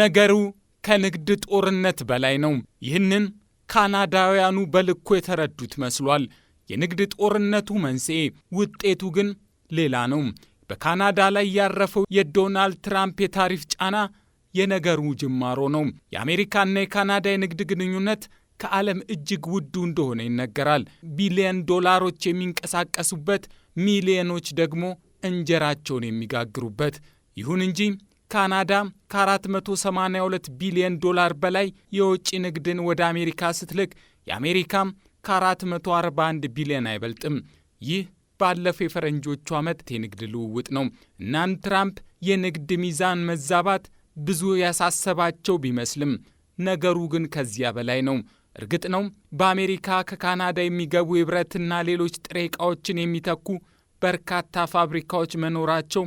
ነገሩ ከንግድ ጦርነት በላይ ነው። ይህንን ካናዳውያኑ በልኩ የተረዱት መስሏል። የንግድ ጦርነቱ መንስኤ፣ ውጤቱ ግን ሌላ ነው። በካናዳ ላይ ያረፈው የዶናልድ ትራምፕ የታሪፍ ጫና የነገሩ ጅማሮ ነው። የአሜሪካና የካናዳ የንግድ ግንኙነት ከዓለም እጅግ ውዱ እንደሆነ ይነገራል። ቢሊየን ዶላሮች የሚንቀሳቀሱበት፣ ሚሊዮኖች ደግሞ እንጀራቸውን የሚጋግሩበት። ይሁን እንጂ ካናዳ ከ482 ቢሊዮን ዶላር በላይ የውጭ ንግድን ወደ አሜሪካ ስትልክ የአሜሪካም ከ441 ቢሊዮን አይበልጥም። ይህ ባለፈው የፈረንጆቹ ዓመት የንግድ ልውውጥ ነው። እናም ትራምፕ የንግድ ሚዛን መዛባት ብዙ ያሳሰባቸው ቢመስልም ነገሩ ግን ከዚያ በላይ ነው። እርግጥ ነው በአሜሪካ ከካናዳ የሚገቡ የብረትና ሌሎች ጥሬ ዕቃዎችን የሚተኩ በርካታ ፋብሪካዎች መኖራቸው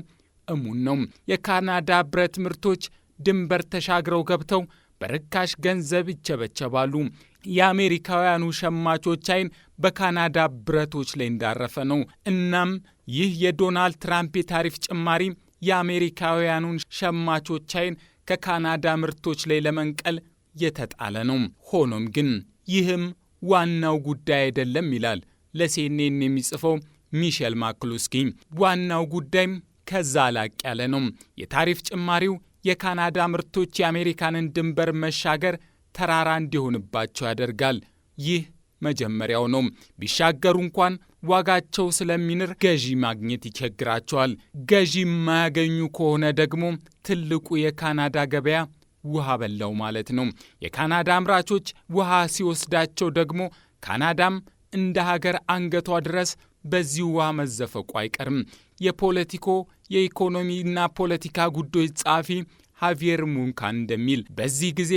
እሙን ነው። የካናዳ ብረት ምርቶች ድንበር ተሻግረው ገብተው በርካሽ ገንዘብ ይቸበቸባሉ። የአሜሪካውያኑ ሸማቾች አይን በካናዳ ብረቶች ላይ እንዳረፈ ነው። እናም ይህ የዶናልድ ትራምፕ የታሪፍ ጭማሪ የአሜሪካውያኑን ሸማቾች አይን ከካናዳ ምርቶች ላይ ለመንቀል የተጣለ ነው። ሆኖም ግን ይህም ዋናው ጉዳይ አይደለም ይላል ለሴኔን የሚጽፈው ሚሼል ማክሉስኪ ዋናው ጉዳይም ከዛ ላቅ ያለ ነው። የታሪፍ ጭማሪው የካናዳ ምርቶች የአሜሪካንን ድንበር መሻገር ተራራ እንዲሆንባቸው ያደርጋል። ይህ መጀመሪያው ነው። ቢሻገሩ እንኳን ዋጋቸው ስለሚንር ገዢ ማግኘት ይቸግራቸዋል። ገዢ የማያገኙ ከሆነ ደግሞ ትልቁ የካናዳ ገበያ ውሃ በላው ማለት ነው። የካናዳ አምራቾች ውሃ ሲወስዳቸው ደግሞ ካናዳም እንደ ሀገር አንገቷ ድረስ በዚህ ውሃ መዘፈቁ አይቀርም። የፖለቲኮ የኢኮኖሚና ፖለቲካ ጉዳዮች ጸሐፊ ሃቪየር ሙንካን እንደሚል በዚህ ጊዜ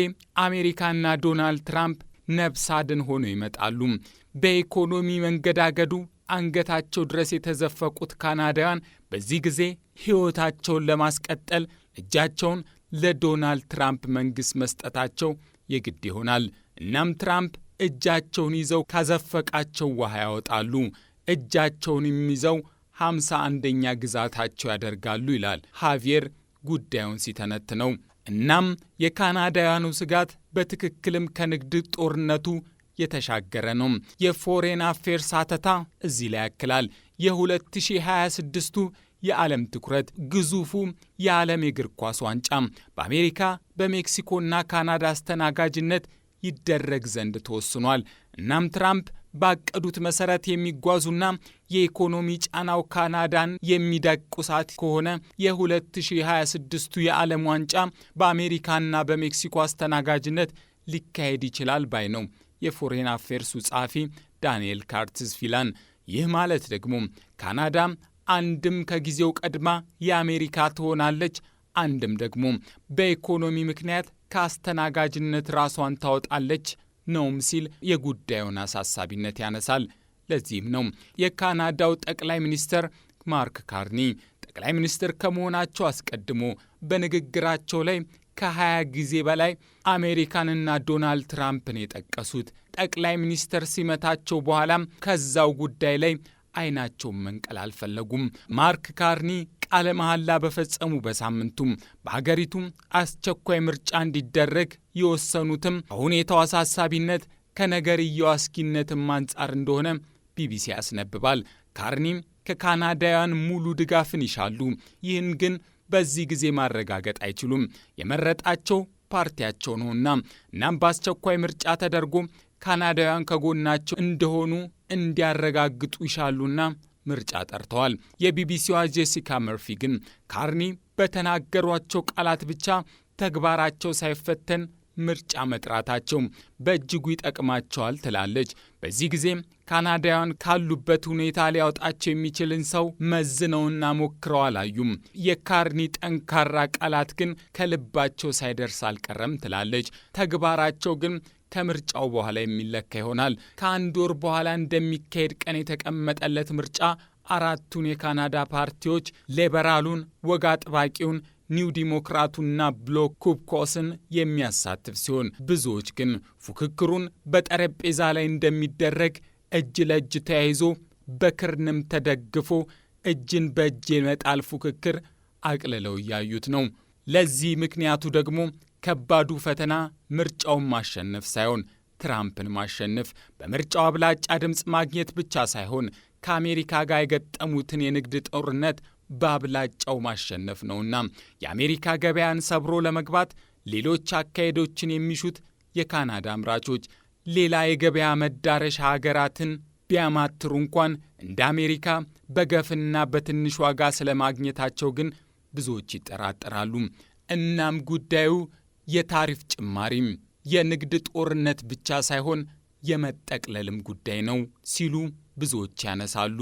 አሜሪካና ዶናልድ ትራምፕ ነፍስ አድን ሆነው ይመጣሉ። በኢኮኖሚ መንገዳገዱ አንገታቸው ድረስ የተዘፈቁት ካናዳውያን በዚህ ጊዜ ሕይወታቸውን ለማስቀጠል እጃቸውን ለዶናልድ ትራምፕ መንግሥት መስጠታቸው የግድ ይሆናል። እናም ትራምፕ እጃቸውን ይዘው ካዘፈቃቸው ውሃ ያወጣሉ። እጃቸውን የሚይዘው ሀምሳ አንደኛ ግዛታቸው ያደርጋሉ ይላል ሃቪየር ጉዳዩን ሲተነትነው። እናም የካናዳውያኑ ስጋት በትክክልም ከንግድ ጦርነቱ የተሻገረ ነው። የፎሬን አፌርስ አተታ እዚህ ላይ ያክላል። የ2026ቱ የዓለም ትኩረት ግዙፉ የዓለም የእግር ኳስ ዋንጫ በአሜሪካ በሜክሲኮና ካናዳ አስተናጋጅነት ይደረግ ዘንድ ተወስኗል። እናም ትራምፕ ባቀዱት መሰረት የሚጓዙና የኢኮኖሚ ጫናው ካናዳን የሚደቁሳት ከሆነ የ2026ቱ የዓለም ዋንጫ በአሜሪካና በሜክሲኮ አስተናጋጅነት ሊካሄድ ይችላል ባይ ነው የፎሬን አፌርሱ ጸሐፊ ዳንኤል ካርትዝ ፊላን። ይህ ማለት ደግሞ ካናዳ አንድም ከጊዜው ቀድማ የአሜሪካ ትሆናለች፣ አንድም ደግሞ በኢኮኖሚ ምክንያት ከአስተናጋጅነት ራሷን ታወጣለች ነውም ሲል የጉዳዩን አሳሳቢነት ያነሳል። ለዚህም ነው የካናዳው ጠቅላይ ሚኒስትር ማርክ ካርኒ ጠቅላይ ሚኒስትር ከመሆናቸው አስቀድሞ በንግግራቸው ላይ ከ20 ጊዜ በላይ አሜሪካንና ዶናልድ ትራምፕን የጠቀሱት ጠቅላይ ሚኒስትር ሲመታቸው በኋላም ከዛው ጉዳይ ላይ አይናቸውን መንቀል አልፈለጉም። ማርክ ካርኒ ቃለ መሐላ በፈጸሙ በሳምንቱም በሀገሪቱም አስቸኳይ ምርጫ እንዲደረግ የወሰኑትም ከሁኔታው አሳሳቢነት ከነገርየው አስጊነትም አንጻር እንደሆነ ቢቢሲ ያስነብባል። ካርኒም ከካናዳውያን ሙሉ ድጋፍን ይሻሉ። ይህን ግን በዚህ ጊዜ ማረጋገጥ አይችሉም። የመረጣቸው ፓርቲያቸው ነውና። እናም በአስቸኳይ ምርጫ ተደርጎ ካናዳውያን ከጎናቸው እንደሆኑ እንዲያረጋግጡ ይሻሉና ምርጫ ጠርተዋል። የቢቢሲዋ ጄሲካ መርፊ ግን ካርኒ በተናገሯቸው ቃላት ብቻ ተግባራቸው ሳይፈተን ምርጫ መጥራታቸው በእጅጉ ይጠቅማቸዋል ትላለች። በዚህ ጊዜም ካናዳውያን ካሉበት ሁኔታ ሊያወጣቸው የሚችልን ሰው መዝነውና ሞክረው አላዩም። የካርኒ ጠንካራ ቃላት ግን ከልባቸው ሳይደርስ አልቀረም ትላለች። ተግባራቸው ግን ከምርጫው በኋላ የሚለካ ይሆናል። ከአንድ ወር በኋላ እንደሚካሄድ ቀን የተቀመጠለት ምርጫ አራቱን የካናዳ ፓርቲዎች ሌበራሉን፣ ወግ አጥባቂውን ኒው ዲሞክራቱና ብሎክ ኩብኮስን የሚያሳትፍ ሲሆን ብዙዎች ግን ፉክክሩን በጠረጴዛ ላይ እንደሚደረግ እጅ ለእጅ ተያይዞ በክርንም ተደግፎ እጅን በእጅ የመጣል ፉክክር አቅልለው እያዩት ነው። ለዚህ ምክንያቱ ደግሞ ከባዱ ፈተና ምርጫውን ማሸነፍ ሳይሆን ትራምፕን ማሸነፍ፣ በምርጫው አብላጫ ድምፅ ማግኘት ብቻ ሳይሆን ከአሜሪካ ጋር የገጠሙትን የንግድ ጦርነት በአብላጫው ማሸነፍ ነውና የአሜሪካ ገበያን ሰብሮ ለመግባት ሌሎች አካሄዶችን የሚሹት የካናዳ አምራቾች ሌላ የገበያ መዳረሻ ሀገራትን ቢያማትሩ እንኳን እንደ አሜሪካ በገፍና በትንሽ ዋጋ ስለማግኘታቸው ግን ብዙዎች ይጠራጠራሉ። እናም ጉዳዩ የታሪፍ ጭማሪም የንግድ ጦርነት ብቻ ሳይሆን የመጠቅለልም ጉዳይ ነው ሲሉ ብዙዎች ያነሳሉ።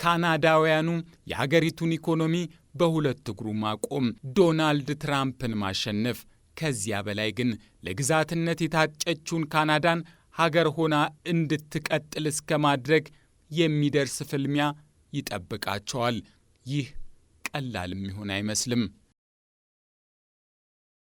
ካናዳውያኑ የሀገሪቱን ኢኮኖሚ በሁለት እግሩ ማቆም፣ ዶናልድ ትራምፕን ማሸነፍ፣ ከዚያ በላይ ግን ለግዛትነት የታጨችውን ካናዳን ሀገር ሆና እንድትቀጥል እስከ ማድረግ የሚደርስ ፍልሚያ ይጠብቃቸዋል። ይህ ቀላልም ይሆን አይመስልም።